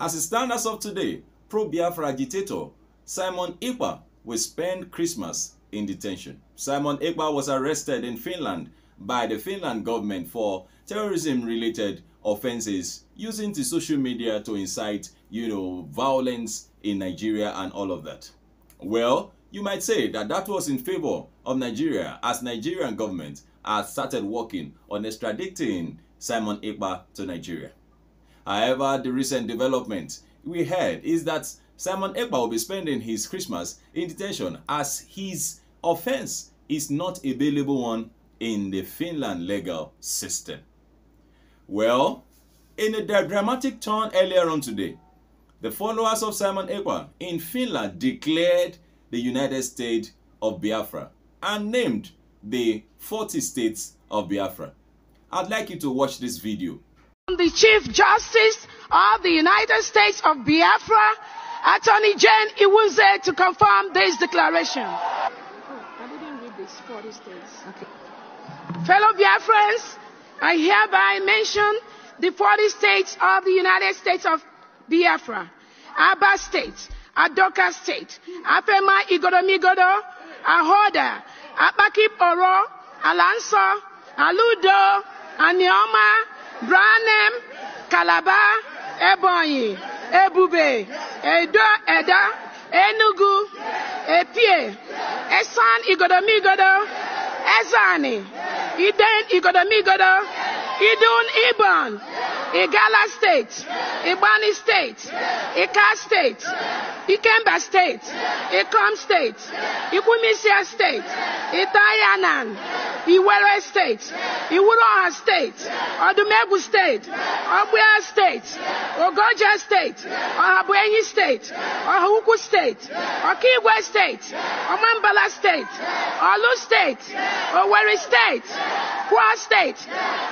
As it stands as of today, pro-Biafra agitator Simon Eba will spend Christmas in detention. Simon Eba was arrested in Finland by the Finland government for terrorism-related offenses using the social media to incite, you know, violence in Nigeria and all of that. Well, you might say that that was in favor of Nigeria as Nigerian government has started working on extraditing Simon Eba to Nigeria. However, the recent development we heard is that Simon Ekpa will be spending his Christmas in detention as his offense is not a bailable one in the Finland legal system. Well, in a dramatic turn earlier on today, the followers of Simon Ekpa in Finland declared the United States of Biafra and named the 40 states of Biafra. I'd like you to watch this video the Chief Justice of the United States of Biafra, Attorney Jane Iwuze, to confirm this declaration. Oh, I didn't read this 40 states. Okay. Fellow Biafrans, I hereby mention the 40 states of the United States of Biafra, Aba State, Adoka State, Afema Igodomigodo, Ahoda, Apakip Oro, Alansa, Aludo, Anioma, Branham, Calabar, Ebony, Ebube, Edo, Eda, Enugu, Epie, Esan, Igodomigodo, Ezani, Iden, Igodomigodo, Idun, Ibon, Igala State, Ibani State, Ika State, Ikemba State, Ikom State, Ikwumisia State, Itayanan, Iwere State, Iwuroha State, Odumegwu State, Ogbia State, Ogoja State, Ohabuenyi State, Ohukwu State, Okigwe State, Omambala State, Olu State, Owerri State, Kwa State,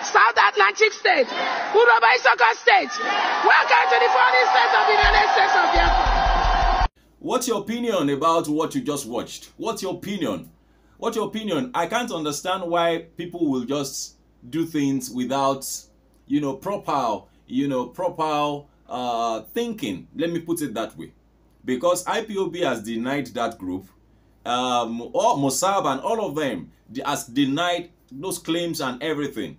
South Atlantic State, Uroba Isoko State. Welcome to the foreign states of the United States of Biafra. What's your opinion about what you just watched? What's your opinion? What's your opinion? I can't understand why people will just do things without, you know, proper, you know, proper uh, thinking. Let me put it that way. Because IPOB has denied that group, um, or Mossab and all of them has denied those claims and everything.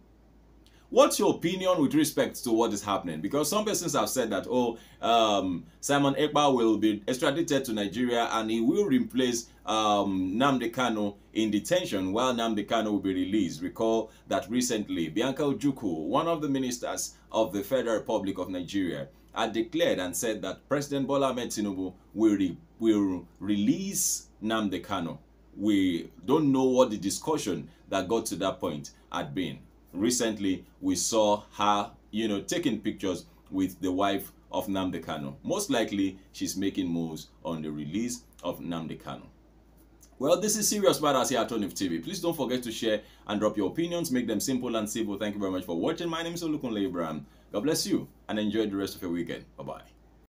What's your opinion with respect to what is happening? Because some persons have said that, oh, um, Simon Ekpa will be extradited to Nigeria and he will replace um, Namde Kano in detention while Namde Kano will be released. Recall that recently Bianca Ojuku, one of the ministers of the Federal Republic of Nigeria, had declared and said that President Bola Ahmed Tinubu will, re will release Namde Kano. We don't know what the discussion that got to that point had been recently we saw her, you know, taking pictures with the wife of Namde Kano. Most likely, she's making moves on the release of Namde Kano. Well, this is Serious Matters here at Tonif TV. Please don't forget to share and drop your opinions. Make them simple and civil. Thank you very much for watching. My name is Olukunle Ibrahim. God bless you and enjoy the rest of your weekend. Bye-bye.